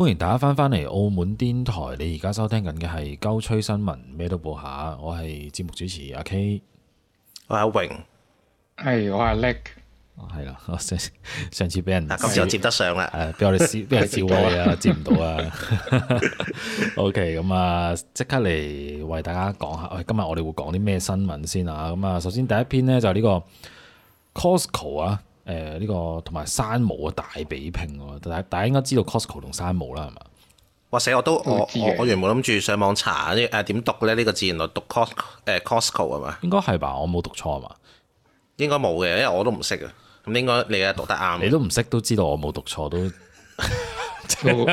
歡迎大家翻返嚟澳門電台，你而家收聽緊嘅係《鳩吹新聞》，咩都播下。我係節目主持阿 K，我係阿榮，係我係阿叻。係啦、哦，上次俾人、啊，今次接得上啦。誒，俾我哋司， 人個接位啊？接唔到啊 ？OK，咁啊，即刻嚟為大家講下，喂，今日我哋會講啲咩新聞先啊？咁啊，首先第一篇呢就呢個 Costco 啊。誒，呢、這個同埋山姆嘅大比拼喎，大家係應該知道 Costco 同山姆啦，係嘛？哇死！我都我我我原本諗住上網查啲誒點讀咧呢、這個字，原來讀 Cost 誒 Costco 係嘛？應該係吧？我冇讀錯係嘛？應該冇嘅，因為我都唔識啊。咁應該你啊讀得啱，你都唔識都知道我冇讀錯都。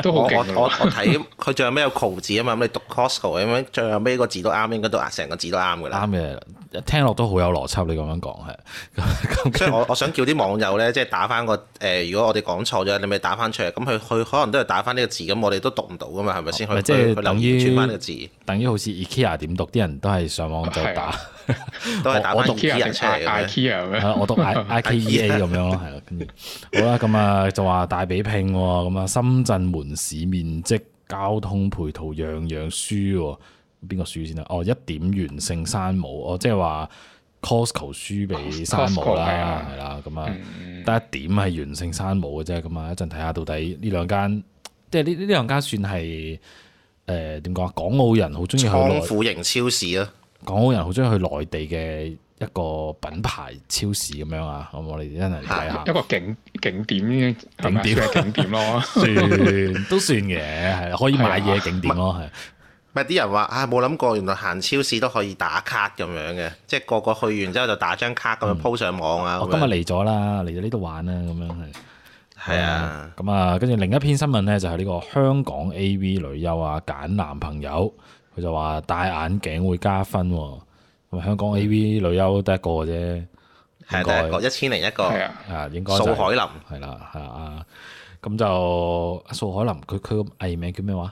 都 我我我睇佢最後尾有 c 字啊嘛，咁你讀 cosco 咁咁最後尾個字都啱，應該都成個字都啱嘅啦。啱嘅，聽落都好有邏輯。你咁樣講係， 所以我我想叫啲網友咧，即係打翻個誒、呃。如果我哋講錯咗，你咪打翻出嚟。咁佢佢可能都係打翻呢個字，咁我哋都讀唔到啊嘛，係咪先？佢佢、哦、他等於轉翻呢個字，等於好似 IKEA 點讀？啲人都係上網就打。的 都係打翻 i k、啊、我讀 IKEA 咁 樣咯，係啦，好啦，咁、嗯、啊就話大比拼、哦，咁、嗯、啊深圳門市面積、交通配套樣樣輸，邊個輸先輸啊？哦，一點完勝山姆哦，即係話 Costco 輸俾山姆啦，係啦、啊，咁啊得一點係完勝山姆嘅啫，咁啊一陣睇下到底呢兩間，即係呢呢兩間算係誒點講啊？港澳人好中意去倉庫型超市啊。港澳人好中意去內地嘅一個品牌超市咁樣啊，咁我哋真係睇下一個景景點，是是景點係景點咯， 算都算嘅，係 可以買嘢景點咯，係咪啲人話啊，冇諗過原來行超市都可以打卡咁樣嘅，即係個個去完之後就打張卡咁樣鋪、嗯、上網、哦、啊。我今日嚟咗啦，嚟到呢度玩啊，咁樣係係啊，咁啊，跟住另一篇新聞咧就係呢個香港 A. V. 女優啊，揀男朋友。佢就話戴眼鏡會加分喎，咁香港 A.V. 女優得一個啫，係得一個一千零一個，係啊，應該就素海霖，係啦，係啊，咁就素海霖，佢佢個藝名叫咩話？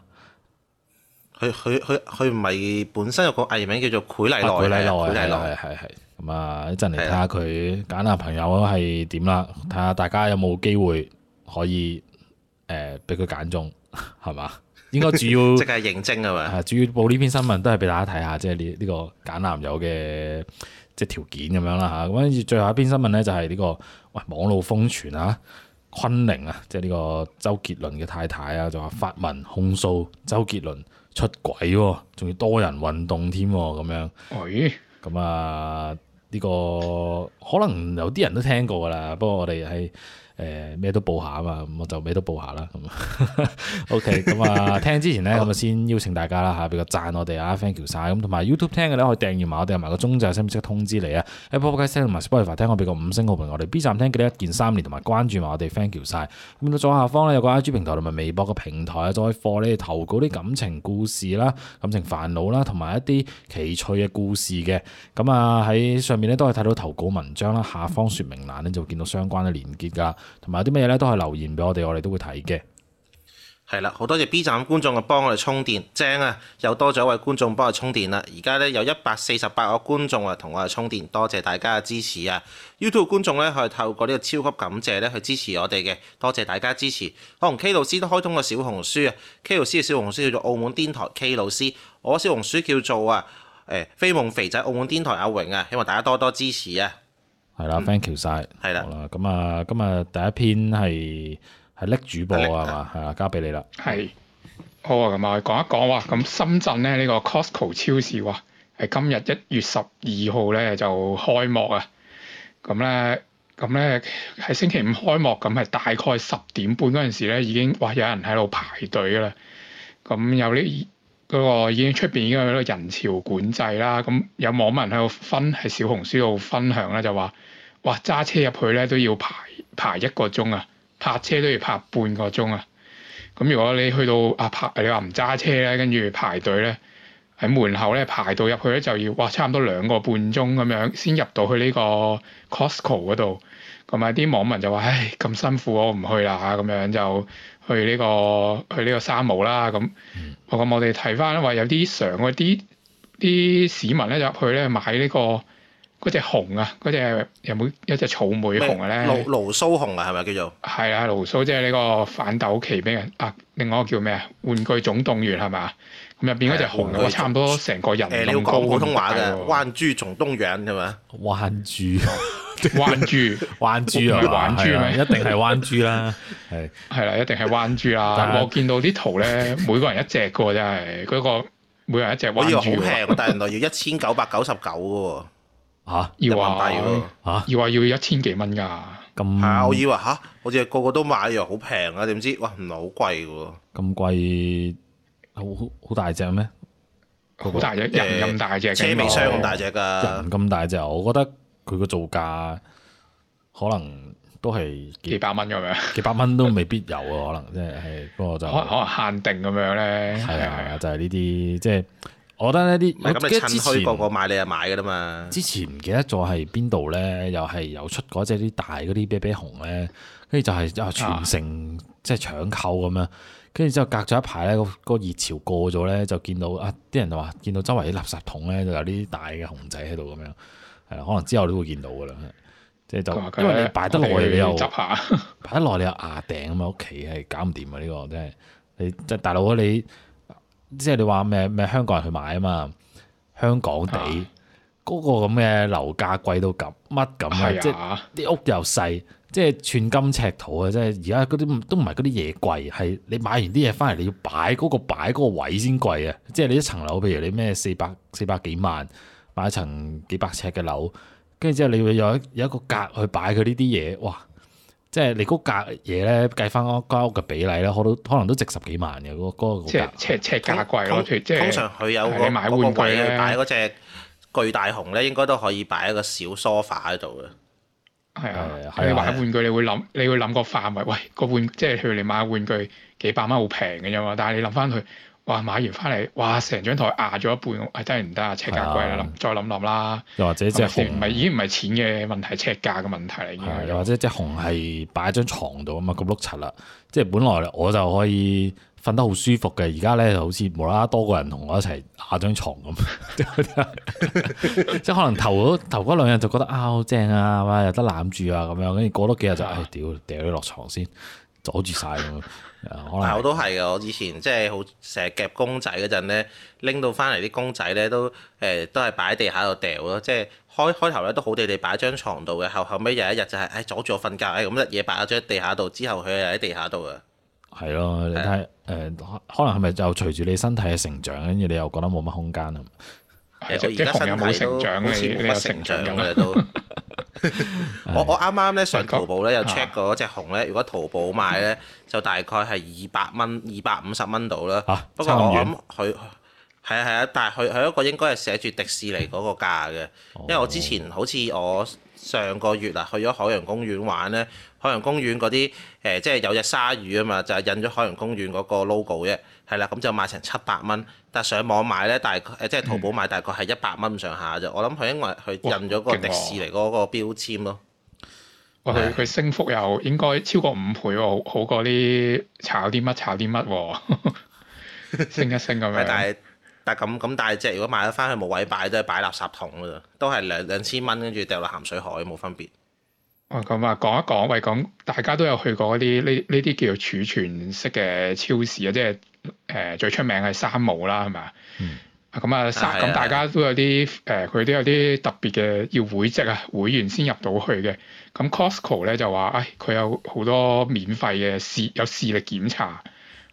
佢佢佢佢唔係本身有個藝名叫做許麗奈，許麗奈，許麗奈，咁啊，一陣嚟睇下佢揀下朋友係點啦，睇下大家有冇機會可以誒俾佢揀中，係嘛？應該主要 即係認證啊嘛，係主要報呢篇新聞都係俾大家睇下，即係呢呢個揀男友嘅即係條件咁樣啦嚇。咁跟住最後一篇新聞咧就係呢，呢個喂網路瘋傳啊，昆凌啊，即係呢個周杰倫嘅太太啊，仲話發文控訴周杰倫出軌喎，啊，仲要多人運動添喎咁樣。咁是啊呢，呢個可能有啲人都聽過噶啦，不過我哋係。誒咩、呃、都報下啊嘛，咁、嗯、我就咩都報下啦。咁 OK 咁啊，聽之前呢，咁啊 先邀請大家啦吓，俾個讚我哋啊，thank you 晒，咁，同埋 YouTube 聽嘅咧，可以訂閱埋我哋，埋個鐘就先唔識通知你啊。Apple Podcast 同埋 Spotify 聽我俾個五星好評，我哋 B 站聽記得一鍵三連，同埋關注埋我哋 thank you 晒。咁到、嗯、左下方咧有個 IG 平台同埋微博嘅平台再放你哋投稿啲感情故事啦、感情煩惱啦，同埋一啲奇趣嘅故事嘅。咁、嗯、啊喺上面咧都可以睇到投稿文章啦，下方說明欄咧就會見到相關嘅連結噶。同埋有啲咩咧，都係留言俾我哋，我哋都會睇嘅。係啦，好多謝 B 站觀眾啊，幫我哋充電，正啊！又多咗一位觀眾幫我哋充電啦。而家咧有一百四十八個觀眾啊，同我哋充電，多謝大家嘅支持啊！YouTube 觀眾咧係透過呢個超級感謝咧去支持我哋嘅，多謝大家支持。我同 K 老師都開通個小紅書啊，K 老師嘅小紅書叫做澳門癲台 K 老師，我小紅書叫做啊誒非夢肥仔澳門癲台阿榮啊，希望大家多多支持啊！係啦，thank you 晒，係啦，咁啊、嗯，今日第一篇係係叻主播啊嘛，係啊力，交俾你啦。係，好啊，咁啊，講一講哇，咁深圳咧呢、這個 Costco 超市哇，係今日一月十二號咧就開幕啊，咁咧，咁咧喺星期五開幕，咁係大概十點半嗰陣時咧，已經哇有人喺度排隊嘅啦，咁有啲嗰、那個已經出邊已經有嗰個人潮管制啦，咁有網民喺度分喺小紅書度分享咧就話。哇！揸車入去咧都要排排一個鐘啊，泊車都要泊半個鐘啊。咁、嗯、如果你去到啊泊，你話唔揸車咧，跟住排隊咧，喺門口咧排到入去咧就要哇，差唔多兩個半鐘咁樣先入到去呢個 Costco 嗰度。咁埋啲網民就話：唉，咁辛苦我唔去啦嚇，咁樣就去呢、這個去呢個山姆啦。咁、嗯嗯嗯、我咁我哋睇翻話有啲常嗰啲啲市民咧入去咧買呢、這個。嗰隻熊啊，嗰隻有冇一隻草莓熊咧？盧盧蘇熊啊，係咪叫做？係啊，盧蘇即係呢個反斗奇兵啊。另外一個叫咩啊？玩具總動員係嘛？咁入邊嗰隻熊我差唔多成個人咁高。誒，你要講普通話噶？彎珠從東養係嘛？彎珠，彎珠，彎珠係嘛？係一定係彎珠啦，係係啦，一定係彎珠啊！我見到啲圖咧，每個人一隻噶，真係嗰個每人一隻彎珠。要好平，但係原來要一千九百九十九噶。.吓、啊、要話吓要話要一千幾蚊噶，咁我、啊嗯啊、以為吓，好、啊、似個個都買又好平啊，點知哇唔係好貴嘅喎，咁貴好好好大隻咩？好大隻人咁大隻，欸、鏡頭車尾箱咁大隻噶，人咁大隻，我覺得佢個造價可能都係幾，幾百蚊咁樣，幾百蚊都未必有啊，可能即係不過就可可能限定咁樣咧，係啊係啊，就係呢啲即係。就是我覺得呢啲，咁啊趁墟個個買你就買嘅啦嘛。之前唔記得咗係邊度咧，又係有出嗰隻啲大嗰啲啤啤熊咧，跟住就係啊全城啊即係搶購咁樣。跟住之後隔咗一排咧，個、嗰個熱潮過咗咧，就見到啊啲人就話見到周圍啲垃圾桶咧就有呢啲大嘅熊仔喺度咁樣，係啦，可能之後都會見到嘅啦。即係就他他因為你擺得耐、啊，你又執下；擺得耐，你又壓頂啊嘛，屋企係搞唔掂啊，呢個真係你即係大佬啊你。即係你話咩咩香港人去買啊嘛，香港地嗰、啊、個咁嘅樓價貴到咁乜咁嘅，即係啲屋又細，即係寸金尺土啊！即係而家啲都唔係嗰啲嘢貴，係你買完啲嘢翻嚟，你要擺嗰個擺嗰個位先貴啊！即係你一層樓，譬如你咩四百四百幾萬買一層幾百尺嘅樓，跟住之後你會有一有一個格去擺佢呢啲嘢，哇！即係你估價嘢咧，計翻間屋嘅比例咧，可都可能都值十幾萬嘅嗰嗰個價。即係即係價貴咯。是就是、通常佢有、嗰個、你買玩具個擺嗰隻巨大熊咧，應該都可以擺一個小梳化喺度嘅。係啊，啊啊你買玩具你會諗，你會諗個範圍。喂，個玩即係譬如你買玩具幾百蚊好平嘅啫嘛，但係你諗翻佢。哇！買完翻嚟，哇！成張台壓咗一半，係、哎、真係唔得啊！車價貴啦，諗、啊、再諗諗啦。又或者隻熊，唔係已經唔係錢嘅問題，車價嘅問題啦。又或者隻熊係擺喺張床度啊嘛，咁碌柒啦。即係本來我就可以瞓得好舒服嘅，而家咧就好似無啦啦多個人同我一齊壓張床咁。 即係可能頭嗰頭兩日就覺得啊好正啊，哇、啊、又得攬住啊咁樣，跟住過多幾日就唉屌，哎、掉咗落床先。阻住晒，咯！ 可能我都係嘅， 我以前即係好成日夾公仔嗰陣咧，拎到翻嚟啲公仔咧都誒都係擺喺地下度掉咯。即係開開頭咧都好地地擺喺張床度嘅，後後尾有一日就係、是、誒、哎、阻住我瞓覺，誒咁乜夜擺咗張地下度，之後佢又喺地下度啊。係咯，你睇誒的、呃、可能係咪就隨住你身體嘅成長，跟住你又覺得冇乜空間咯。係，即係 成長嘅嘢，冇乜成長嘅都。 我我啱啱咧上淘寶咧，有 check 過嗰隻熊咧。如果淘寶買咧，就大概係二百蚊、二百五十蚊到啦。啊、不過不我諗佢係啊係啊，但係佢係一個應該係寫住迪士尼嗰個價嘅。因為我之前好似我上個月啊，去咗海洋公園玩咧。海洋公園嗰啲誒，即係有隻鯊魚啊嘛，就係、是、印咗海洋公園嗰個 logo 啫。係啦，咁就賣成七百蚊，但上網買咧，大概誒即係淘寶買大概係一百蚊上下啫。我諗佢因為佢印咗個迪士尼嗰個標籤咯。佢佢升幅又應該超過五倍喎，好過啲炒啲乜炒啲乜， 升一升咁。係，但係但係咁咁即係，如果買咗翻去冇位擺，都係擺垃圾桶噶咋，都係兩兩千蚊，跟住掉落鹹水海冇分別。哦，咁啊，講一講，喂，講大家都有去過嗰啲呢呢啲叫儲存式嘅超市啊，即係誒、呃、最出名係山姆啦，係咪？嗯。咁啊樣，咁、嗯、大家都有啲誒，佢、嗯、都有啲特別嘅要會籍啊，會員先入到去嘅。咁 Costco 咧就話，唉，佢有好多免費嘅視有視力檢查，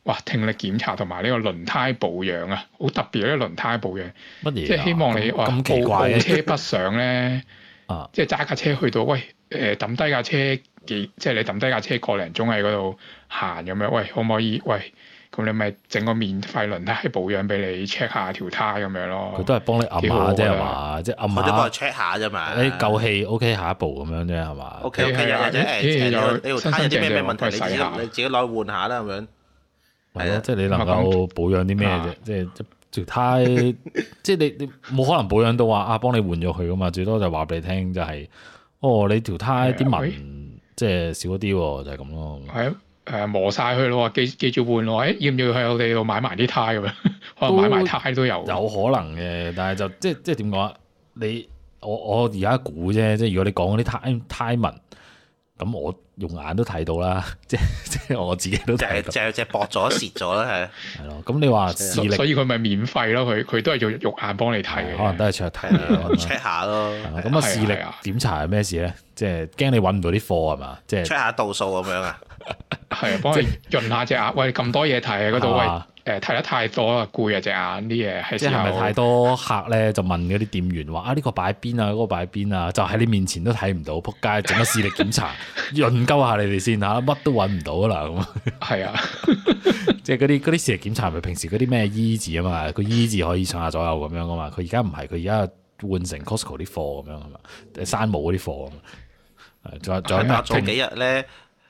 哇，聽力檢查同埋呢個輪胎保養啊，好特別呢啲輪胎保養。乜嘢？咁奇怪嘅。即係希望你話暴走車北上咧。 Es 即係揸架車去到，喂，誒抌低架車幾，et, tea, 即係你抌低架車個零鐘喺嗰度行咁、well, 樣，喂，可唔可以？喂、bon que，咁你咪整個免費輪胎保養俾你 check 下條胎咁樣咯。佢都係幫你按下啫嘛，即係按下。或者幫你 check 下啫嘛。你舊氣 OK，下一步咁樣啫係嘛？OK OK，又或者你條胎有啲咩咩問題，ion, ad, 你自己你自己攞去換下啦咁樣。係啊，即係你能夠保養啲咩啫？即 Sham 係 sugar ared ul 問。條胎即係你你冇可能保養到話啊，幫你換咗佢㗎嘛，最多就話俾你聽就係、是，哦，你條胎啲紋的即係少咗啲，就係咁咯。係啊，誒磨晒佢咯，記記住換咯，要唔要去我哋度買埋啲胎咁樣？ 可能買埋胎都有，有可能嘅，但係就即係即係點講啊？你我我而家估啫，即係如果你講嗰啲胎胎紋，咁我用眼都睇到啦，即係。 即我自己都睇到 就係隻薄咗蝕咗啦，係咯。咁 你話視力， 所以佢咪免費咯？佢佢都係用肉眼幫你睇，可能都係出去睇 check 下咯。咁啊，視力啊，檢查係咩事咧？ 即係驚你揾唔到啲貨係嘛？即係 check 下度數咁樣啊？係啊，幫你潤下隻眼。喂，咁多嘢睇啊嗰度，喂，誒睇吧、 呃、得太多啦，攰啊隻眼啲嘢。即係咪太多客咧？就問嗰啲店員話啊呢個擺邊啊，嗰個擺邊啊，就喺你面前都睇唔到，撲街！整乜視力檢查？潤鳩 下你哋先吓，乜都揾唔到啦咁。係啊，即係嗰啲嗰啲視力檢查咪平時嗰啲咩 E 字啊嘛？個 E 字可以上下左右咁樣噶嘛？佢而家唔係，佢而家換成 Costco 啲貨咁樣啊嘛，山姆嗰啲貨啊仲有早幾日咧聽，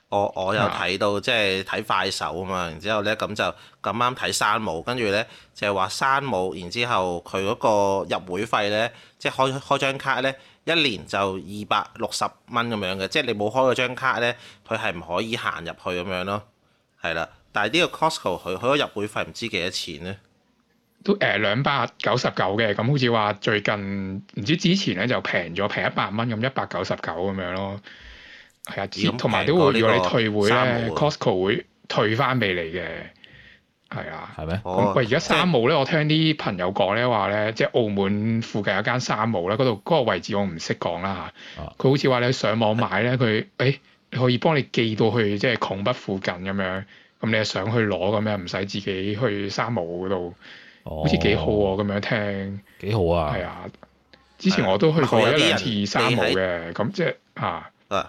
我我有睇到，即係睇快手啊嘛。然之後咧，咁就咁啱睇山姆，跟住咧就係話山姆。然之後佢嗰、就是、個入會費咧，即係開開張卡咧，一年就二百六十蚊咁樣嘅。即係你冇開嗰張卡咧，佢係唔可以行入去咁樣咯。係啦，但係呢個 Costco 佢佢嗰入會費唔知幾多錢咧。都誒兩百九十九嘅咁，欸、好似話最近唔知之前咧就平咗平一百蚊咁，一百九十九咁樣咯。係啊，同埋都會如果你退會咧，Costco 會退翻俾你嘅。係啊，係咩嗎？哦、喂，而家山姆咧，哦、我聽啲朋友講咧話咧，即係澳門附近有間山姆啦，嗰度嗰個位置我唔識講啦嚇。佢好似話你去上網買咧，佢誒、哦 欸、可以幫你寄到去即係拱北附近咁樣，咁你係上去攞咁樣，唔使自己去山姆嗰度。好似幾好喎，咁樣聽幾好啊？係啊，之前我都去過一次山姆嘅，咁是即係嚇。啊 uh,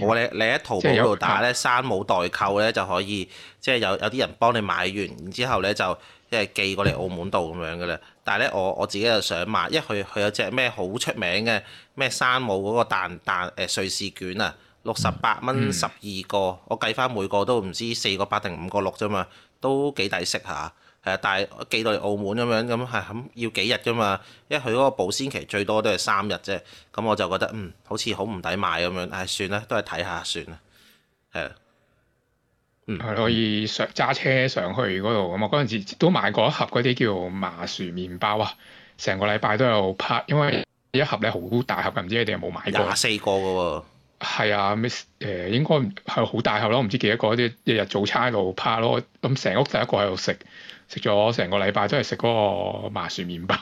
我你你喺淘寶度打咧山姆代購咧就可以，即、就、係、是、有、uh, 的有啲人幫你買完，然之後咧就即係寄過嚟澳門度咁樣嘅啦。但係咧我我自己又想買，因為一佢佢有隻咩好出名嘅咩山姆嗰個蛋蛋、欸、瑞士卷啊，六十八蚊十二個，嗯嗯、我計翻每個都唔知四個八定五個六啫嘛，都幾抵食下。誒，但係寄到嚟澳門咁樣咁係咁要幾日㗎嘛？因為佢嗰個保鮮期最多都係三日啫。咁我就覺得嗯，好似好唔抵買咁樣。唉，算啦，都係睇下算啦。係啊，嗯，係可以上揸車上去嗰度啊嘛。嗰陣時都買過一盒嗰啲叫麻薯麵包啊，成個禮拜都有拍，因為一盒咧好大盒，唔知你哋有冇買過廿四個嘅喎。係啊，誒應該係好大盒咯，唔知幾多個？啲日日早餐一路拍咯，咁成屋第一個喺度食。食咗成個禮拜，都係食嗰個麻薯麵包。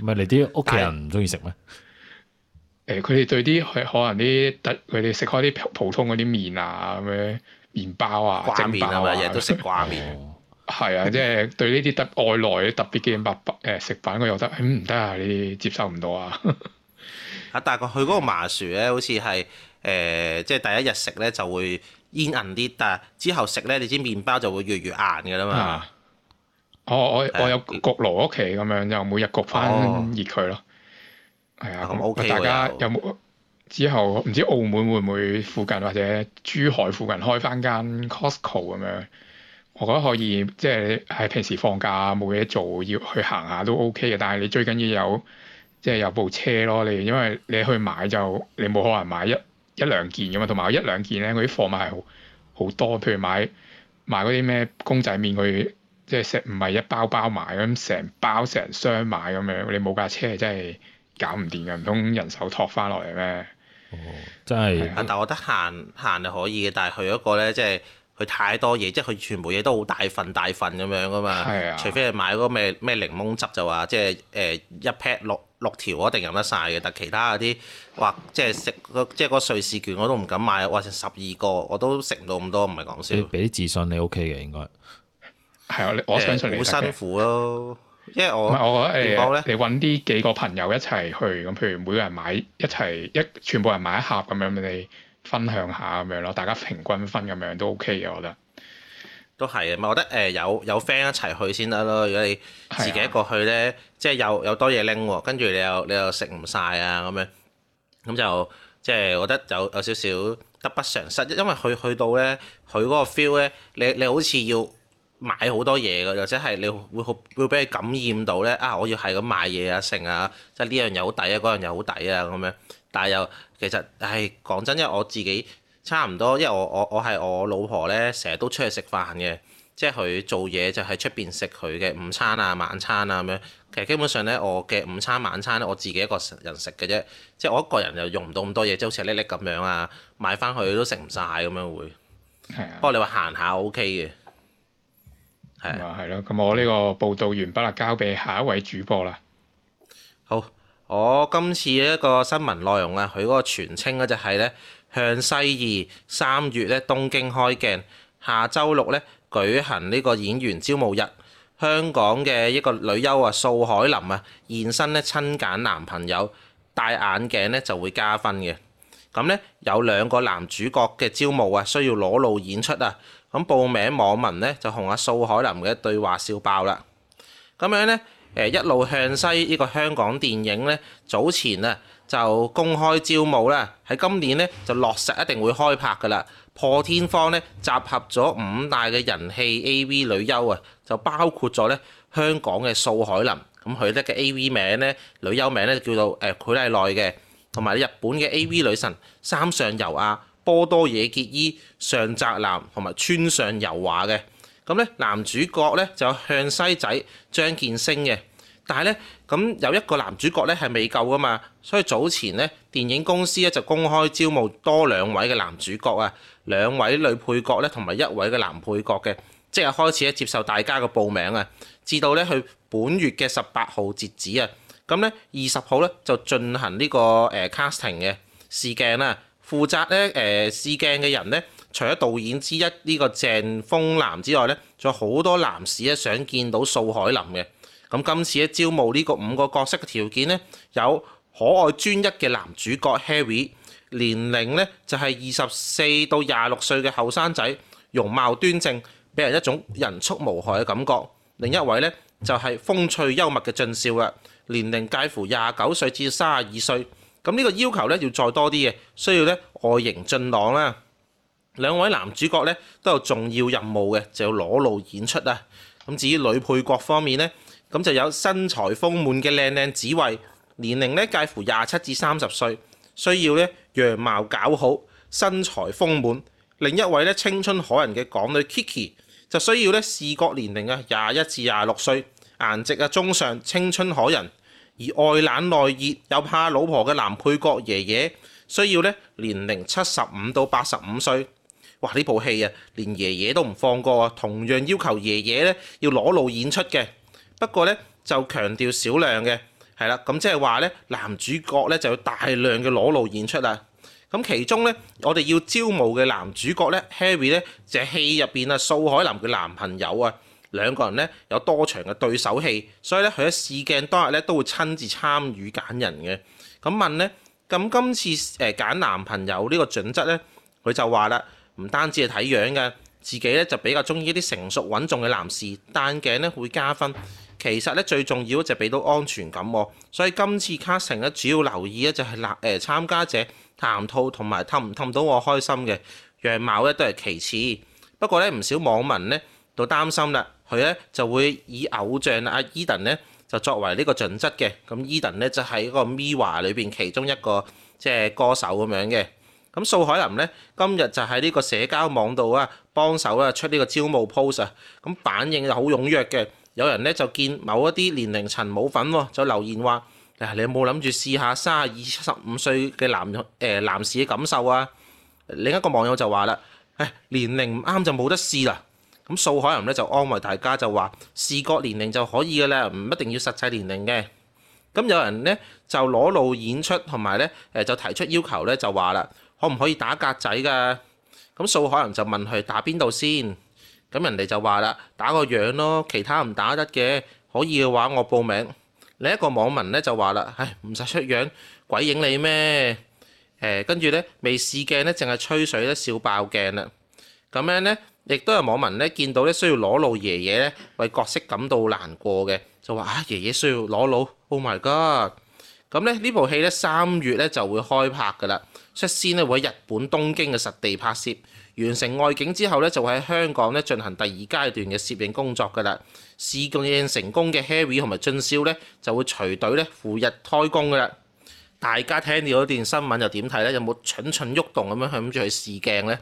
唔係你啲屋企人唔中意食咩？誒，佢哋對啲可能啲特佢哋食開啲普通嗰啲麵啊，咁樣麵包啊、掛麵啊，日日都食掛麵。係啊，即係對呢啲特外來特別嘅麥誒食品，我覺得唔得啊！你啲接受唔到啊。啊，但係佢佢嗰個麻薯咧，好似係誒，即係第一日食咧就會煙韌啲，但係之後食咧，你知麵包就會越越硬噶啦嘛。哦、我我我有焗爐，屋企咁樣，就每日焗翻熱佢咯。係啊、哦，咁大家有冇之後唔知澳門會唔會附近或者珠海附近開翻間 Costco 咁樣？我覺得可以，即係你喺平時放假冇嘢做，要去行下都 OK 嘅。但係你最緊要有即係、即係、有部車咯，你因為你去買就你冇可能買一一兩件噶嘛，同埋一兩件咧，佢啲貨物係好多，譬如買買嗰啲咩公仔麪佢。即係食唔係一包包買咁，成包成箱買咁樣，你冇架車真係搞唔掂嘅，唔通人手托翻落嚟咩？哦，真係的。但係我得閒閒係可以嘅，但係佢嗰個咧，即係佢太多嘢，即係佢全部嘢都好大份大份咁樣噶嘛。係啊的，除非係買嗰咩咩檸檬汁就話，即係誒、呃、一 pack 六六條，我一定飲得晒嘅。但其他嗰啲或即係食即係嗰瑞士卷我都唔敢買，哇！十二個我都食唔到咁多，唔係講笑。你俾啲自信你 OK 嘅應該。係啊，我相信你好、嗯、辛苦咯，因為我覺得咧，你揾啲幾個朋友一齊去咁，譬如每個人買一齊一全部人買一盒咁樣，畀你分享下咁樣咯，大家平均分咁樣都 OK 嘅。我覺得都係啊，咪覺得誒有有 friend 一齊去先得咯。如果你自己一個去咧，的即係有有多嘢拎喎，跟住你又你又食唔晒啊，咁樣咁就即係、就是、我覺得有有少少得不償失，因為佢去到咧，佢嗰個 feel 咧，你你好似要。買好多嘢㗎，又或者係你會好會俾你感染到咧啊！我要係咁買嘢啊，成啊，即係呢樣又好抵啊，嗰樣又好抵啊咁樣。但係又其實係講、哎、真，因為我自己差唔多，因為我我我係我老婆咧，成日都出去食飯嘅，即係佢做嘢就喺出邊食佢嘅午餐啊、晚餐啊咁樣。其實基本上咧，我嘅午餐晚餐咧，我自己一個人食嘅啫，即係我一個人又用唔到咁多嘢，即係好似一粒粒咁樣啊，買翻去都食唔晒。咁樣會。不過的你話行下 O K 嘅。咁啊，係咯，咁我呢個報道完畢啦，交俾下一位主播啦。好，我今次一個新聞內容啊，佢嗰個全稱就係咧，向西二三月咧，東京開鏡，下周六咧舉行呢個演員招募日。香港嘅一個女優啊，素海霖啊，現身咧親揀男朋友，戴眼鏡咧就會加分嘅。咁咧有兩個男主角嘅招募啊，需要裸露演出啊。咁報名網民咧就同阿素海霖嘅對話笑爆啦！咁樣咧，誒一路向西呢個香港電影咧，早前啊就公開招募啦，喺今年咧就落實一定會開拍噶啦。破天荒咧，集合咗五大嘅人氣 AV 女優啊，就包括咗咧香港嘅素海霖，咁佢咧嘅 AV 名咧，女優名咧叫做誒佩麗奈嘅，同、呃、埋日本嘅 AV 女神三上悠亞。波多野結衣、上宅男同埋村上油畫嘅，咁咧男主角咧就向西仔張建聲嘅，但係咧咁有一個男主角咧係未夠噶嘛，所以早前咧電影公司咧就公開招募多兩位嘅男主角啊，兩位女配角咧同埋一位嘅男配角嘅，即係開始咧接受大家嘅報名啊，至到咧佢本月嘅十八號截止啊，咁咧二十號咧就進行呢、這個誒、呃、casting 嘅試鏡啊。負責咧誒、呃、試鏡嘅人咧，除咗導演之一呢、呢個鄭風南之外咧，仲有好多男士咧想見到素海霖嘅。咁今次咧招募呢個五個角色嘅條件咧，有可愛專一嘅男主角 Harry，年齡咧就係二十四到廿六歲嘅後生仔，容貌端正，俾人一種人畜無害嘅感覺。另一位咧就係、是、風趣幽默嘅俊少啦，年齡介乎廿九歲至三十二歲。咁呢個要求咧要再多啲嘅，需要咧外形俊朗啦。兩位男主角咧都有重要任務嘅，就要裸露演出啊。咁至於女配角方面咧，咁就有身材豐滿嘅靚靚子慧，年齡咧介乎廿七至三十歲，需要咧樣貌姣好、身材豐滿。另一位咧青春可人嘅港女 Kiki，就需要咧視覺年齡啊廿一至廿六歲，顏值啊中上、青春可人 iki。而外冷內熱又怕老婆嘅男配角爺爺，需要咧年齡七十五到八十五歲。哇！呢部戲啊，連爺爺都唔放過啊，同樣要求爺爺咧要裸露演出嘅。不過咧就強調少量嘅，係啦，咁即係話咧男主角咧就要大量嘅裸露演出啦。咁其中咧我哋要招募嘅男主角咧 Harry 咧就係戲入邊啊素海霖嘅男朋友啊。兩個人咧有多場嘅對手戲，所以咧佢喺試鏡當日咧都會親自參與揀人嘅。咁問咧，咁今次誒揀男朋友呢個準則咧，佢就話啦，唔單止係睇樣嘅，自己咧就比較鍾意一啲成熟穩重嘅男士，戴眼鏡咧會加分。其實咧最重要就係俾到安全感喎。所以今次卡成咧主要留意咧就係男誒參加者談吐同埋氹唔氹到我開心嘅樣貌咧都係其次。不過咧唔少網民咧都擔心啦。佢咧就會以偶像阿 Eden 咧就作為呢個準則嘅，咁 Eden 咧就喺、是、個 Mirror 裏邊其中一個即係歌手咁樣嘅。咁素海霖咧今日就喺呢個社交網度啊幫手啊出呢個招募 post 啊，咁反應就好踴躍嘅。有人咧就見某一啲年齡層冇粉喎，就留言話：嗱、哎，你有冇諗住試下三廿二十五歲嘅男誒、呃、男士嘅感受啊？另一個網友就話啦：唉、哎，年齡唔啱就冇得試啦。咁素海霖咧就安慰大家就話視覺年齡就可以嘅啦，唔一定要實際年齡嘅。咁有人咧就裸露演出同埋咧誒就提出要求咧就話啦，可唔可以打格仔㗎？咁素海霖就問佢打邊度先？咁人哋就話啦，打個樣咯，其他唔打得嘅，可以嘅話我報名。另一個網民咧就話啦，唉，唔使出樣，鬼影你咩？誒跟住咧未試鏡咧，淨係吹水咧，笑爆鏡啦。咁樣咧。亦都有網民咧見到咧需要裸露爺爺咧，為角色感到難過嘅，就話啊爺爺需要裸露，Oh my god！咁咧呢部戲咧三月咧就會開拍噶啦，率先咧會喺日本東京嘅實地拍攝，完成外景之後咧就會喺香港咧進行第二階段嘅攝影工作噶啦。試鏡成功嘅 Harry 同埋俊少咧就會隨隊咧赴日開工噶啦。大家聽到嗰段新聞又點睇咧？有冇蠢蠢喐動咁樣諗住去試鏡咧？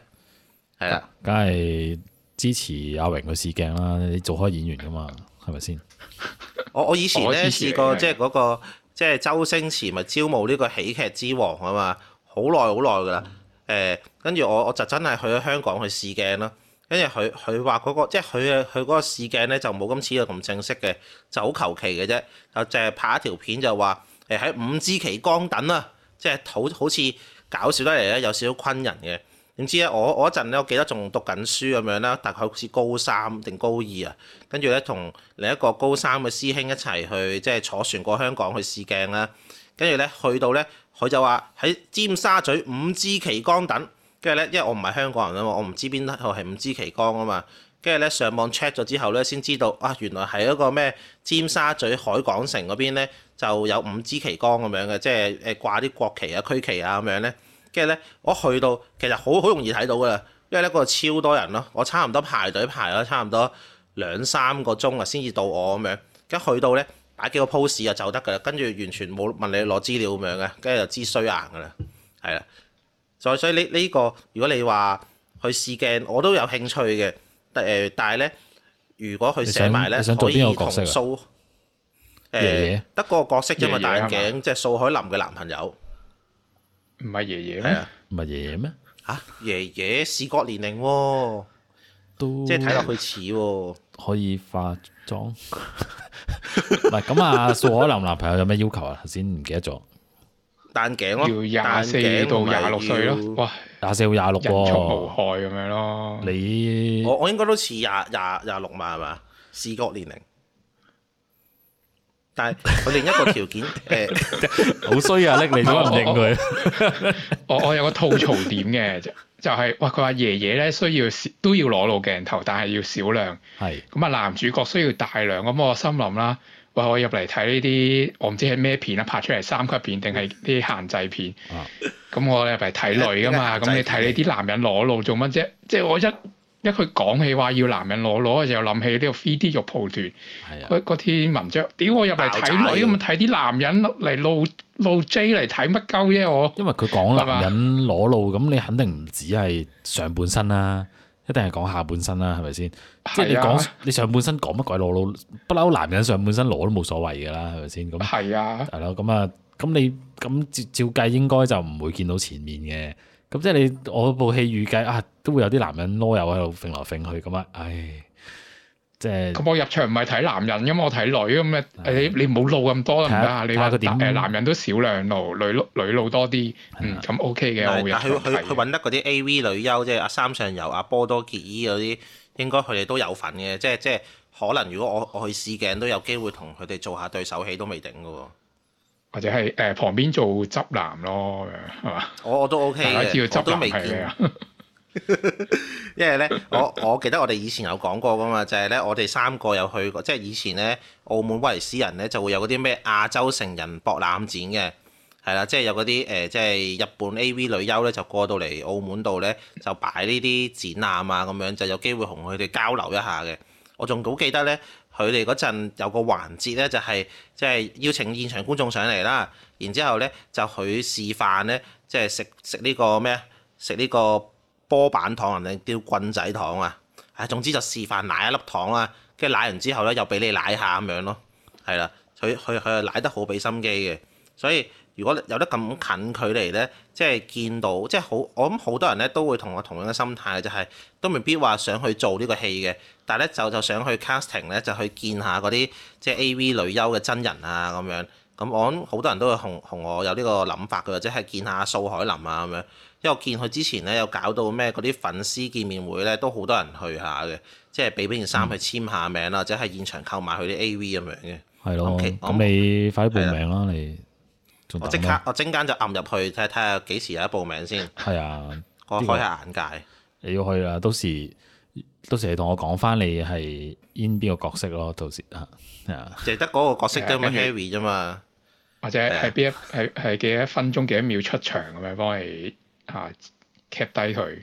係啊，梗係支持阿榮去試鏡啦！你做開演員噶嘛，係咪先？我 我以前咧試 過、那個，即係嗰個即係周星馳咪招募呢個喜劇之王啊嘛，好耐好耐噶啦。誒、欸，跟住我我就真係去咗香港去試鏡咯。跟住佢佢話嗰個即係佢嘅佢嗰個試鏡咧就冇今次咁正式嘅，就好求其嘅啫。就淨係拍一條片就話誒喺五支旗桿等啦、啊，即、就、係、是、好好似搞笑得嚟咧，有少少昆人嘅。點知咧？我我嗰陣咧，我記得仲讀緊書咁樣啦。大概好似高三定高二啊。跟住咧，同另一個高三嘅師兄一齊去，即係坐船過香港去試鏡啦。跟住咧，去到咧，佢就話喺尖沙咀五支旗桿等。跟住咧，因為我唔係香港人啊嘛，我唔知邊度係五支旗桿啊嘛。跟住咧，上網 check 咗之後咧，先知道啊，原來係一個咩？尖沙咀海港城嗰邊咧就有五支旗桿咁樣嘅，即係誒掛啲國旗啊、區旗啊咁樣咧。跟住咧，我去到其實好好容易睇到噶啦，因為咧嗰度超多人咯。我差唔多排隊排咗差唔多兩三個鐘啊，先至到我咁樣。跟住去到咧，擺幾個 pose 就得噶啦。跟住完全冇問你攞資料咁樣嘅，跟住就知衰硬噶啦。係啦，再所以呢呢、這個如果你話去試鏡，我都有興趣嘅。誒、呃，但係咧，如果佢寫埋咧，可以同素誒得個角色，因為戴眼鏡即係素海霖嘅男朋友。唔係爺爺咩？係啊，唔係爺爺咩？吓、啊，爺爺視覺年齡、哦，都即係睇落去似、哦，可以化妝。唔係咁啊，素可男男朋友有咩要求啊？頭先唔記得咗，戴眼鏡咯，廿四到廿六歲咯，哇，廿四到廿六，無害咁樣咯。你我我應該都似廿廿廿六嘛係嘛？視覺年齡。但係我另一個條件誒，欸、 好衰啊！拎嚟都唔認佢。我我有個吐槽點嘅，就係、是、哇佢話爺爺咧需要都要裸露鏡頭，但係要少量。係咁啊，男主角需要大量。咁我心諗啦，哇、欸！我入嚟睇呢啲，我唔知係咩片啦，拍出嚟三級片定係啲限制片。啊！咁我入嚟睇女㗎嘛，咁你睇你啲男人裸露做乜啫？即、就、係、是、我一。一佢講起話要男人裸裸，就諗起呢個 3D 肉蒲團，嗰嗰篇文章，屌，我入嚟睇女咁，睇啲男人嚟露露 J 嚟睇乜鳩啫我？因為佢講男人裸露，咁你肯定唔止係上半身啦，一定係講下半身啦，係咪先？即係你講你上半身講乜鬼裸露？不嬲男人上半身裸都冇所謂㗎啦，係咪先？咁係啊，係咯，咁啊，咁你咁照計應該就唔會見到前面嘅，咁即係你我部戲預計啊。都會有啲男人攞油喺度揈嚟揈去咁啊！唉、哎，即係咁我入場唔係睇男人噶嘛，我睇女噶咩是、哎？你你唔好露咁多啦。係啊，你話佢點？誒是，說男人都少量露，女露女露多啲。咁的、嗯、OK 嘅。但係佢佢揾得嗰啲 A.V. 女優，即係阿三上游、阿波多野結衣嗰啲，應該佢哋都有份嘅。即係即係可能，如果我我去試鏡，都有機會同佢哋做下對手戲，都未定噶喎。或者係誒、呃、旁邊做執男咯，係嘛？我都 OK 嘅。大家知道執男係咩啊？ 因為咧，我我記得我哋以前有講過噶嘛，就係咧，我哋三個有去過，即係以前咧，澳門威尼斯人咧就會有嗰啲咩亞洲成人博覽展嘅，係啦，即係有嗰啲誒，即係日本 AV 女優咧就過到嚟澳門度咧，就擺呢啲展覽啊，咁樣就有機會同佢哋交流一下嘅。我仲好記得咧，佢哋嗰陣有個環節咧，就係即係邀請現場觀眾上嚟啦，然之後咧就去示範咧，即係食食呢個咩？食呢個。波板糖定叫棍仔糖啊？係，總之就示範舐一粒糖啊。跟住舐完之後咧，又俾你舐下咁樣咯，係啦，佢佢佢舐得好俾心機嘅，所以如果有得咁近距離咧，即係見到，即係好，我諗好多人咧都會同我同樣嘅心態就係都未必話想去做呢個戲嘅，但咧就就想去 casting 咧，就去見下嗰啲即係 AV 女優嘅真人啊咁樣，咁我諗好多人都會同同我有呢個諗法嘅，或者係見下素海霖啊咁樣。因為我見佢之前咧有搞到咩嗰啲粉絲見面會咧，都好多人去下嘅，即係俾嗰件衫去簽下名啦，或者係現場購買佢啲 A.V. 咁樣嘅。係咯，咁你快啲報名啦，你我即刻，我陣間就按入去睇睇下幾時有一報名先。係啊，我開下眼界。你要去啊？到時到時你同我講翻你係演邊個角色咯？到時啊，係啊，淨係得嗰個角色，得問 h a r 咋嘛？或者係邊一係係幾多分鐘幾多秒出場咁樣幫你？啊！記低佢，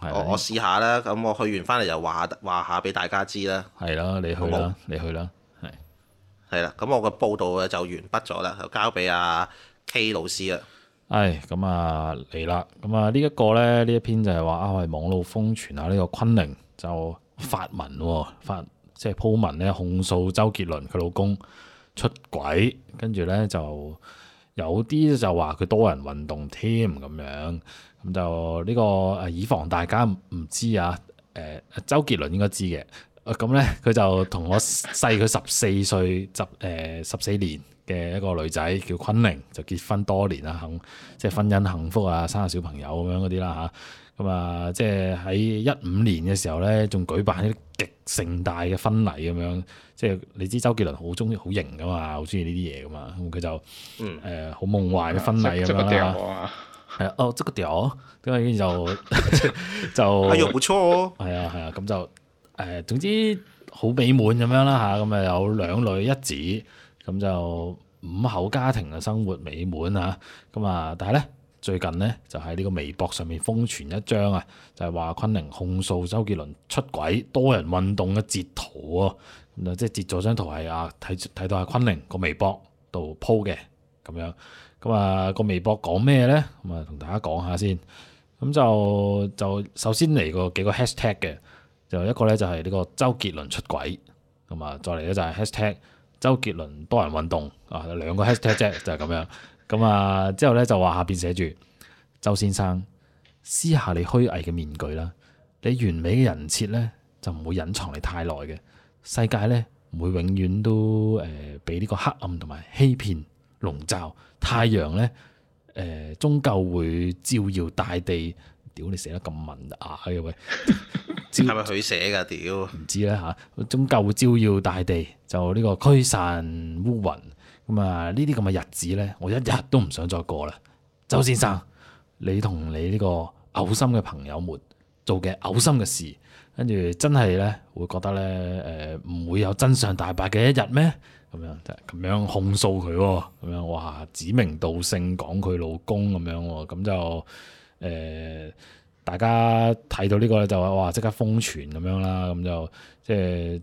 我、啊、我試下啦。咁我去完翻嚟就話話下俾大家知啦。係啦，你去啦，哦、你去啦。係係啦。咁我個報道啊就完畢咗啦，就交俾阿 K 老師啦。誒，咁啊嚟啦。咁啊呢一個咧呢一篇就係話啊，我係網路風傳啊，呢個昆凌就發文，發，即係鋪文咧控訴周杰倫佢老公出軌，跟住咧就。有啲就話佢多人運動添咁樣，咁就呢、呢個以防大家唔知啊。誒、呃，周杰倫應該知嘅。咁咧，佢就同我細佢十四歲，十誒十四年嘅一個女仔叫昆凌，就結婚多年啦，幸即係婚姻幸福啊，生下小朋友咁樣嗰啲啦嚇。咁啊，即係喺一五年嘅時候咧，仲舉辦一啲極盛大嘅婚禮咁樣。即係你知周杰倫好中意，好型噶嘛，好中意呢啲嘢噶嘛。咁佢就誒好夢幻嘅婚禮咁樣啦。係、嗯、哦，即個屌，咁啊已經就就，哎呦，冇錯喎。係啊係啊，咁就誒總之好美滿咁樣啦嚇。咁啊有兩女一子，咁就五口家庭嘅生活美滿啊。咁啊，但係咧。最近咧就喺呢個微博上面瘋傳一張啊，就係話昆凌控訴周杰倫出軌多人運動嘅截圖喎，咁啊即係截咗張圖係啊睇睇到阿昆凌個微博度 po 嘅咁樣，咁啊個微博講咩咧？咁啊同大家講下先，咁就就首先嚟個幾個 hashtag 嘅，就一個咧就係呢個周杰倫出軌，咁啊再嚟咧就係 hashtag 周杰倫多人運動啊兩個 hashtag 啫，就係咁樣。咁啊，之後咧就話下邊寫住周先生，撕下你虛偽嘅面具啦，你完美嘅人設咧就唔會隱藏你太耐嘅，世界咧唔會永遠都誒俾呢個黑暗同埋欺騙籠罩，太陽咧誒終究會照耀大地。屌你寫得咁文雅哎喂，係咪佢寫噶？屌，唔知咧吓，終究會照耀大地，就呢個驅散烏雲。咁啊！呢啲咁嘅日子咧，我一日都唔想再過啦。周先生，你同你呢個嘔心嘅朋友們做嘅嘔心嘅事，跟住真係咧會覺得咧，誒、呃、唔會有真相大白嘅一日咩？咁樣咁樣控訴佢、哦，咁樣哇指名道姓講佢老公咁樣、哦，咁樣、呃、咁樣，咁就誒大家睇到呢個就話哇即刻瘋傳咁樣啦，咁就即係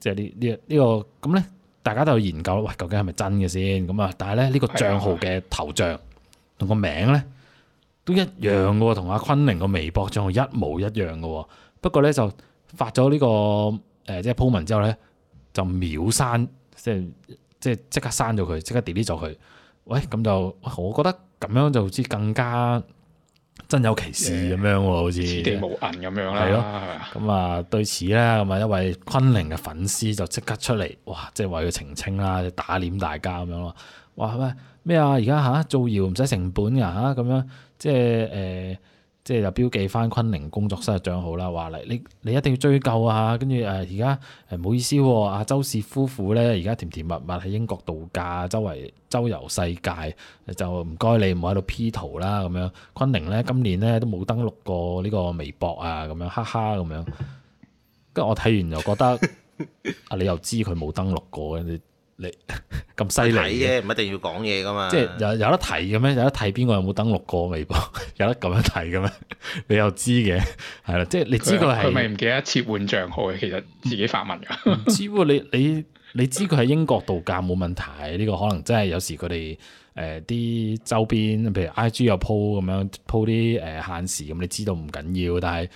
即係呢呢呢個咁咧。大家都研究，喂，究竟係咪真嘅先？咁啊，但係咧呢個帳號嘅頭像同個名咧都一樣喎，同、嗯、阿昆凌個微博帳號一模一樣嘅喎。不過咧就發咗呢、這個誒即係鋪文之後咧就秒刪，即係即係即刻刪咗佢，即刻 delete 咗佢。喂，咁就我覺得咁樣就知更加真有其事咁樣喎，好似 Yeah, 此地無銀咁樣啦。咁啊，對此呢，咁啊一位昆凌嘅粉絲就即刻出嚟，哇！即係為佢澄清啦，打臉大家咁樣咯。話喂咩啊？而家嚇造謠唔使成本㗎嚇，咁、啊、樣即係誒。呃即係就標記翻昆凌工作室嘅賬號啦，話嚟你你一定要追究啊！跟住誒而家誒唔好意思、啊，阿周氏夫婦咧而家甜甜蜜蜜喺英國度假，周圍周遊世界，就唔該你唔好喺度 P 圖啦咁樣。昆凌咧今年咧都冇登錄過呢個微博啊，咁樣哈哈咁樣。跟住 我睇完就覺得啊， 你又知佢冇登錄過嘅。你咁犀利嘅，唔一定要講嘢噶嘛。即係有有得睇嘅咩？有得睇邊個有冇登錄過微博？ 有得咁樣睇嘅咩？ 你又知嘅，係 啦，即係你知佢係。佢咪唔記得切換帳號，其實自己發文噶。只 不過、啊，你你你知佢喺英國度假冇問題、啊。呢、呢個可能真係有時佢哋誒啲周邊，譬如 I G 有 po 咁樣 po 啲誒限時咁，你知道唔緊要。但係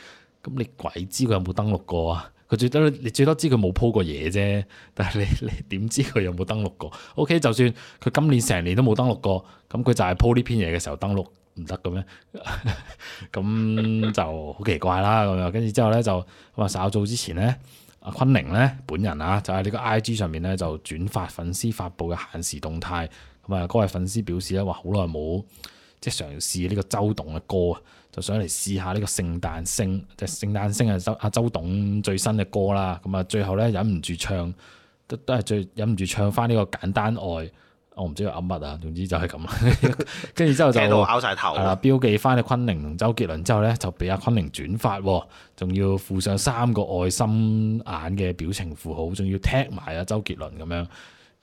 咁你鬼知佢有冇登錄過啊？佢最多你最多知佢冇 po 過嘢啫，但係你你點知佢有冇登錄過？OK，就算佢今年成年都冇登錄過，咁、okay, 佢就係 po 呢篇嘢嘅時候登錄唔得咁咩？咁 就好奇怪啦，咁樣跟住之後咧就咁話稍早之前咧，阿昆凌咧本人啊，就喺呢個 IG 上面咧就轉發粉絲發布嘅限時動態，咁啊嗰位粉絲表示咧話好耐冇即係嘗試呢個周董嘅歌啊。就想嚟試下呢個聖誕星，即係、聖誕星啊！周阿周董最新嘅歌啦，咁啊最後咧忍唔住唱，都都係最忍唔住唱翻呢個簡單愛，我唔知佢噏乜啊，總之就係咁，跟住之後就拗曬頭，係啦，標記翻去昆凌同周杰倫之後咧，就俾阿昆凌轉發，仲要附上三個愛心眼嘅表情符號，仲要踢埋阿周杰倫咁樣。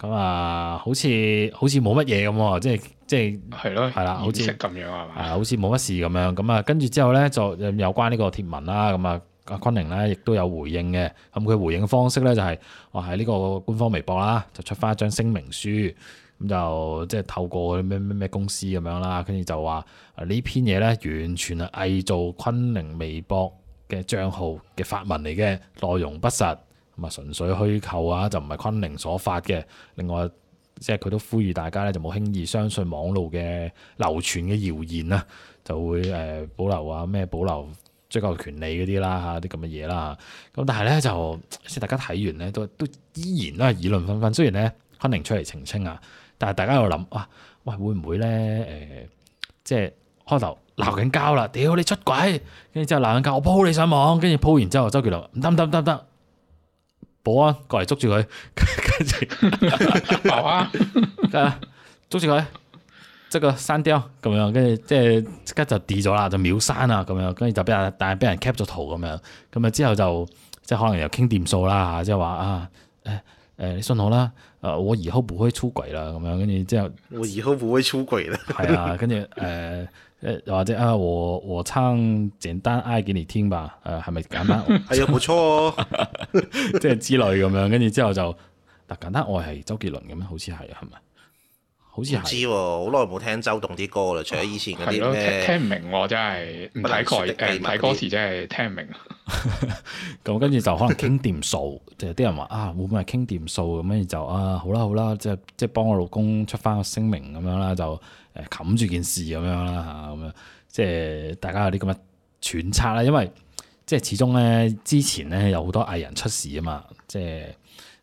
咁啊、嗯，好似好似冇乜嘢咁喎，即係即係係咯，係啦的、嗯，好似咁樣係嘛，係好似冇乜事咁樣。咁、嗯、啊，跟住之後咧，就有關呢個貼文啦。咁啊，阿昆凌咧亦都有回應嘅。咁、啊、佢回應嘅方式咧，就係話喺呢個官方微博啦，就出翻一張聲明書。咁、嗯、就即係透過咩咩咩公司咁樣啦，跟住就話、啊、呢篇嘢咧，完全係偽造昆凌微博嘅帳號嘅發文嚟嘅，內容不實。咁啊，純粹虛構啊，就唔係昆凌所發嘅。另外，即係佢都呼籲大家咧，就冇輕易相信網路嘅流傳嘅謠言啊，就會誒保留啊咩保留追究權利嗰啲啦，嚇啲咁嘅嘢啦。咁但係咧就先，大家睇完咧都都依然都係議論紛紛。雖然咧昆凌出嚟澄清啊，但係大家又諗哇喂，會唔會咧誒、呃？即係開頭鬧緊交啦，屌你出軌，跟住之後鬧緊交，我鋪你上網，跟住鋪完之後，周杰倫唔得唔得唔得。保安過嚟捉住佢，跟 住保安啊捉住佢，即、這個山雕咁樣，跟住即係即刻就跌咗啦，就秒刪啦咁樣，跟住就俾人但係俾人 cap 咗圖咁樣，咁啊之後就即係可能又傾掂數啦，即係話啊誒誒信我啦。啊、呃！我以後唔會出軌啦，咁樣跟住之後，我以後唔會出軌啦，係 啊，跟住誒誒或者啊，我我唱簡單愛畀你聽吧，誒係咪簡單？係啊、 哎，冇錯、哦，即 係之類咁樣，跟住之後就，但簡單愛係周傑倫嘅咩？好似係係嘛？好似知喎、啊，好耐冇聽周董啲歌啦，除咗以前嗰啲咩，聽唔明喎真係，唔睇歌詞，睇、呃、歌詞真係聽唔明。咁 跟住就可能傾掂數，就啲、是、人話啊，會唔會係傾掂數咁？跟住就啊，好啦、啊、好啦、啊，即係即係幫我老公出翻個聲明咁樣啦，就誒冚住件事咁樣啦吓咁樣，即係大家有啲咁嘅揣測啦。因為即係、就是、始終咧，之前咧有好多藝人出事啊嘛，即係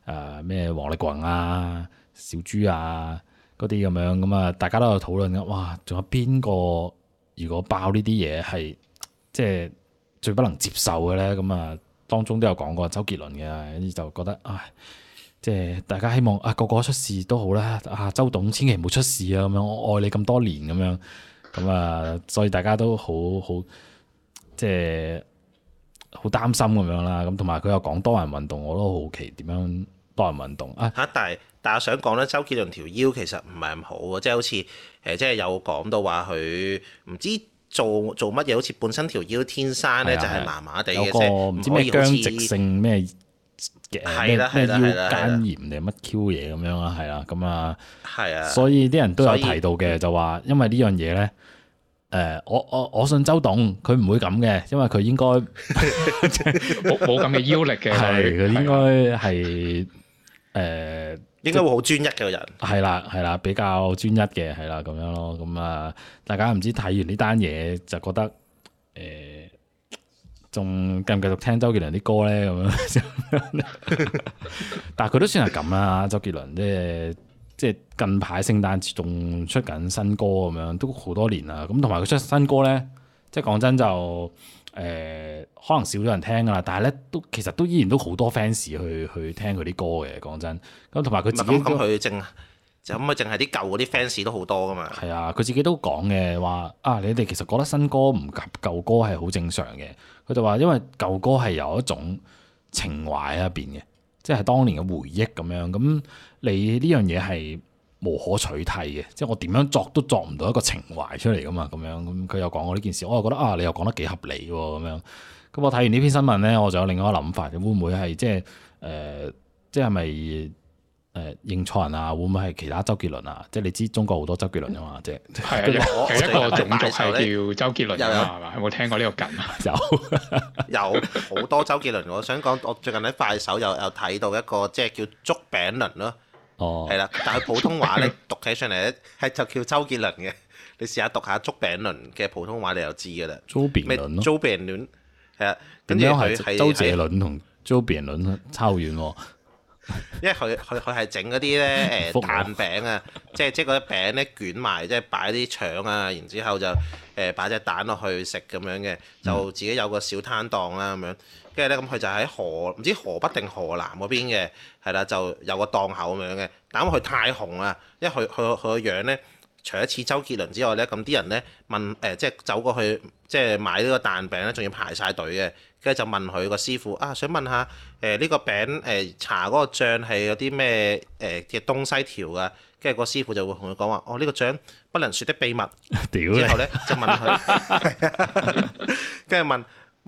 誒咩王力宏啊、小豬啊。嗰啲咁樣咁啊，大家都有討論嘅。哇，仲有邊個如果爆呢啲嘢係即係最不能接受嘅咧？咁啊，當中都有講過周杰倫嘅，就覺得唉，即係大家希望啊個個出事都好啦。啊，周董千祈唔好出事啊，咁樣我愛你咁多年咁樣，咁啊，所以大家都好好即係好擔心咁樣啦。咁同埋佢又講多人運動，我都好奇點樣多人運動啊！但係。但我想講咧，周杰倫條腰其實唔係咁好喎，即係好似誒，即係有講到話佢唔知做做乜嘢，好似本身條腰天生嚟就係麻麻地嘅，有個唔知咩僵直性咩嘅咩腰間炎定乜 Q 嘢咁樣啊，係啦，咁啊，係啊，所以啲人都有提到嘅，就話因為呢樣嘢咧，誒，我我我信周董，佢唔會咁嘅，因為佢應該冇冇咁嘅腰力嘅，佢應該係誒。應該會好專一嘅、就是、人，係啦係啦，比較專一嘅係啦咁樣咯。咁啊，大家唔知睇完呢單嘢就覺得誒，仲繼唔繼續聽周杰倫啲歌咧？咁 樣，但係佢都算係咁啊。周杰倫即係即係近排聖誕節仲出緊新歌咁樣，都好多年啦。咁同埋佢出新歌咧，即係講真就。誒，可能少咗人聽噶啦，但係咧都其實都依然都好多 fans 去去聽佢啲歌嘅，講真。咁同埋佢自己都咁，佢淨、嗯、就咁啊，淨係啲舊嗰啲 fans 都好多噶嘛。係啊，佢自己都講嘅話啊，你哋其實覺得新歌唔及舊歌係好正常嘅。佢就話因為舊歌係有一種情懷喺入邊嘅，即係當年嘅回憶咁樣。咁你呢樣嘢係。無可取替嘅，即係我點樣作都作唔到一個情懷出嚟噶嘛。咁樣咁佢又講我呢件事，我又覺得啊，你又講得幾合理喎，咁樣咁我睇完呢篇新聞咧，我就有另一個諗法，會唔會係即係誒，即係咪誒認錯人啊？會唔會係其他周杰倫啊？即係你知中國好多周杰倫啊嘛，即係係、呃、一個種族係叫周杰倫啊嘛 有冇聽過呢個梗啊？有有好多周杰倫，我想講我最近喺快手又又睇到一個即係叫竹餅輪咯。哦，係啦，但係普通話咧 讀起上嚟咧，係就叫周杰倫嘅。你試下讀下粥餅輪嘅普通話，你就知噶啦。粥餅輪咯。粥餅輪，係啊，跟住佢係周杰倫同周餅輪差好遠喎。遠哦、 因為佢佢佢係整嗰啲咧誒蛋餅啊，即係即係嗰啲餅咧捲埋，即係擺啲腸啊，然之後就誒擺隻蛋落去食咁樣嘅，就自己有個小攤檔啦咁樣。 跟住咧，咁佢就喺河唔知河北定河南嗰邊嘅，係啦，就有個檔口咁樣嘅。但因佢太紅啊，因為佢佢佢個樣咧，除咗似周杰倫之外咧，咁啲人咧問誒、呃，即係走過去即係買呢個蛋餅咧，仲要排晒隊嘅。跟住就問佢個師傅啊，想問下誒呢、呃這個餅誒，搽、呃、嗰個醬係有啲咩誒嘅東西調啊？跟住個師傅就會同佢講話，哦呢、這個醬不能說的秘密。之後咧就問佢，跟住 問。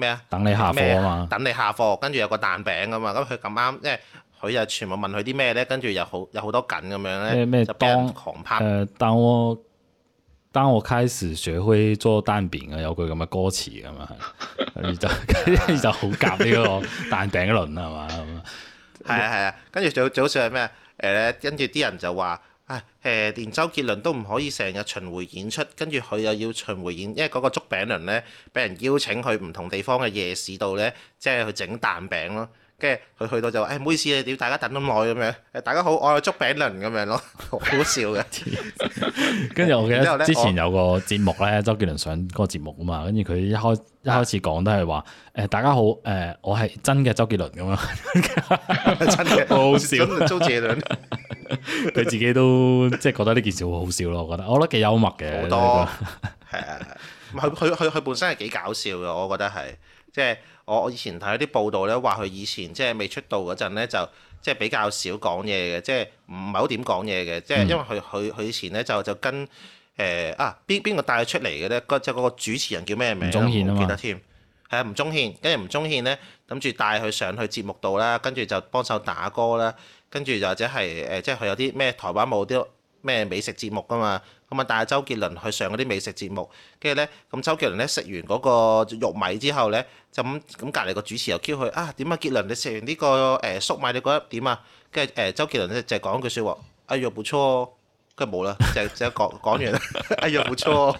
咩啊？等你下課啊嘛！等你下課，跟住有個蛋餅咁嘛，咁佢咁啱，因為佢又全部問佢啲咩咧，跟住又好有好多梗咁樣咧，咩咩？誒、呃，當我當我開始學會做蛋餅啊，有句咁嘅歌詞咁嘛， 就就好夾呢個蛋餅一輪啊嘛，係啊係啊，跟住早早上係咩誒、呃、跟住啲人就話。誒，連周杰倫都唔可以成日巡迴演出，跟住佢又要巡迴演，因為嗰個竹餅輪咧，俾人邀請去唔同地方嘅夜市度咧，即係去整蛋餅咯。跟住佢去到就話：誒，唔好意思啊，點大家等咁耐咁樣？誒，大家好，我係竹餅輪咁樣咯，好笑嘅。跟住我記得之前有個節目咧，周杰倫上嗰個節目啊嘛，跟住佢一開一開始講都係話：誒，大家好，誒，我係真嘅周杰倫咁樣，真嘅，好笑，周杰倫。佢 自己都即係覺得呢件事好好笑咯，我覺得，我覺得幾幽默嘅。好多係啊，唔係佢佢佢佢本身係幾搞笑嘅，我覺得係。即係我我以前睇啲報道咧，話佢以前即係未出道嗰陣咧，就即係比較少講嘢嘅，即係唔唔係好點講嘢嘅。即係、嗯、因為佢佢佢以前咧就就跟誒、呃、啊邊邊個帶佢出嚟嘅咧？嗰即係嗰個主持人叫咩名？宗憲啊嘛，記得添。係啊，吳宗憲，跟住吳宗憲咧諗住帶佢上去節目度啦，跟住就幫手打歌啦。跟住就或者係誒，即係佢有啲咩台灣冇啲咩美食節目㗎嘛，咁啊帶阿周杰倫去上嗰啲美食節目，跟住咧，咁周杰倫咧食完嗰個玉米之後咧，就咁咁隔離個主持又 Q 佢啊，點啊，杰倫，你食完呢個誒粟米你覺得點啊？跟住誒周杰倫咧就講句説話，哎呦不錯啊。即都冇啦，就就講講完啦。哎呀，冇錯，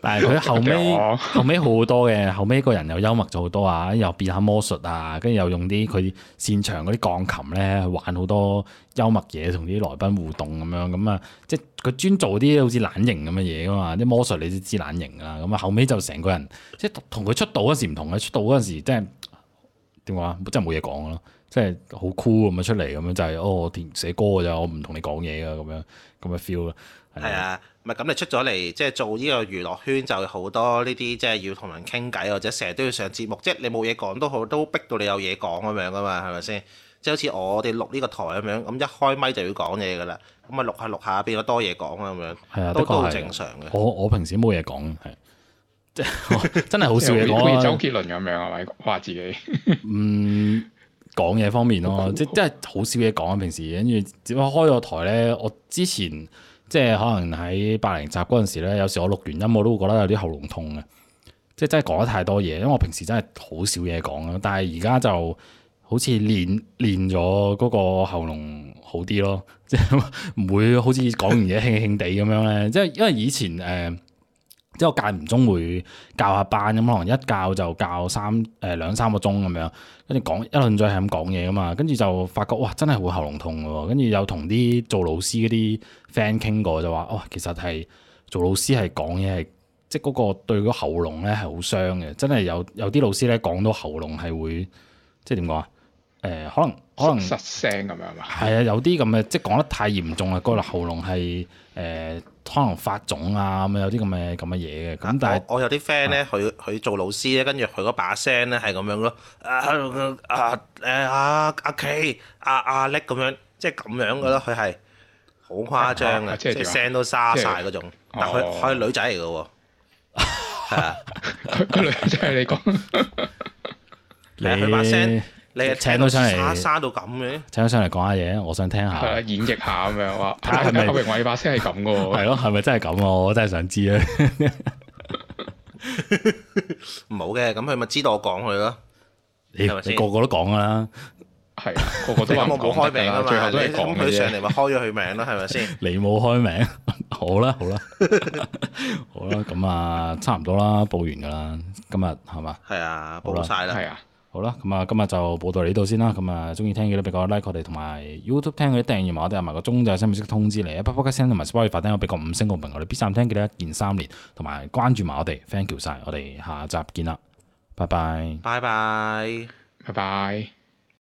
但係佢後尾後尾好多嘅，後尾個人又幽默咗好多啊，又變下魔術啊，跟住又用啲佢擅長嗰啲鋼琴咧，玩好多幽默嘢同啲來賓互動咁樣咁啊，即係佢專做啲好似懶型咁嘅嘢噶嘛，啲魔術你都知懶型啊，咁啊後尾就成個人，即係同佢出道嗰時唔同嘅，出道嗰時真係點話，真係冇嘢講咯。即係好酷咁樣出嚟咁樣就係、是、哦，我填寫歌噶咋，我唔同你講嘢噶咁樣咁嘅 feel 咯。係啊，係咁你出咗嚟即係做呢個娛樂圈就好多呢啲即係要同人傾偈，或者成日都要上節目，即係你冇嘢講都好，都逼到你有嘢講咁樣噶嘛，係咪先？即係好似我哋錄呢個台咁樣，咁一開咪就要講嘢噶啦，咁啊錄下錄下變咗多嘢講咁樣。係啊，都都好正常嘅。我我平時冇嘢講，係 真係好少嘢講周杰倫咁樣係咪話自己？ 嗯。講嘢方面咯、啊，即係真係好少嘢講啊！平時跟住只麼開個台咧，我之前即係可能喺八零集嗰陣時咧，有時我錄完音我都會覺得有啲喉嚨痛嘅，即係真係講得太多嘢，因為我平時真係好少嘢講啊！但係而家就好似練練咗嗰個喉嚨好啲咯，即係唔會好似講完嘢輕輕地咁樣咧，即係 因為以前誒。呃即係我間唔中會教下班咁，可能一教就教三誒兩、呃、三個鐘咁樣，跟住講一輪再係咁講嘢噶嘛，跟住就發覺哇，真係會喉嚨痛喎。跟住有同啲做老師嗰啲 friend 傾過，就話哇、哦，其實係做老師係講嘢係即係嗰個對個喉嚨咧係好傷嘅，真係有有啲老師咧講到喉嚨係會即係點講啊？誒、呃，可能。可能失聲咁樣嘛，係啊，有啲咁嘅，即係講得太嚴重啊，嗰個喉嚨係誒，可能發腫啊咁啊，有啲咁嘅咁嘅嘢嘅。咁但係我有啲 friend 咧，佢佢做老師咧，跟住佢嗰把聲咧係咁樣咯。啊啊誒啊啊琪啊啊叻咁樣，即係咁樣嘅咯。佢係好誇張啊，即係聲都沙曬嗰種。但係佢佢係女仔嚟嘅喎，係啊，佢個女仔係你講，你佢把聲。你請到上嚟，沙到咁嘅？請到上嚟講下嘢，我想聽下，演繹下咁樣。睇下係咪劉榮偉把聲係咁嘅？係咯，係咪真係咁？我真係想知啊！唔好嘅，咁佢咪知道我講佢咯？你咪先個個都講噶啦？係啊，個個都話冇開名啊嘛。最後都係講佢上嚟咪開咗佢名咯？係咪先？你冇開名，好啦，好啦，好啦，咁啊，差唔多啦，報完噶啦，今日係嘛？係啊，報晒啦，係啊。好啦，咁啊，今日就報道嚟呢度先啦。咁啊，中意聽嘅咧，俾個 like 我哋，同埋 YouTube 聽嘅咧，訂閱埋我哋，埋個鐘仔。係收唔識通知你。啊，Apple Podcast 聽同埋 Spotify 聽，我俾 個五星好評。我哋 B 站聽記得一鍵三連，同埋關注埋我哋 ，thank you 晒，我哋下集見啦，拜拜，拜拜 bye，拜拜。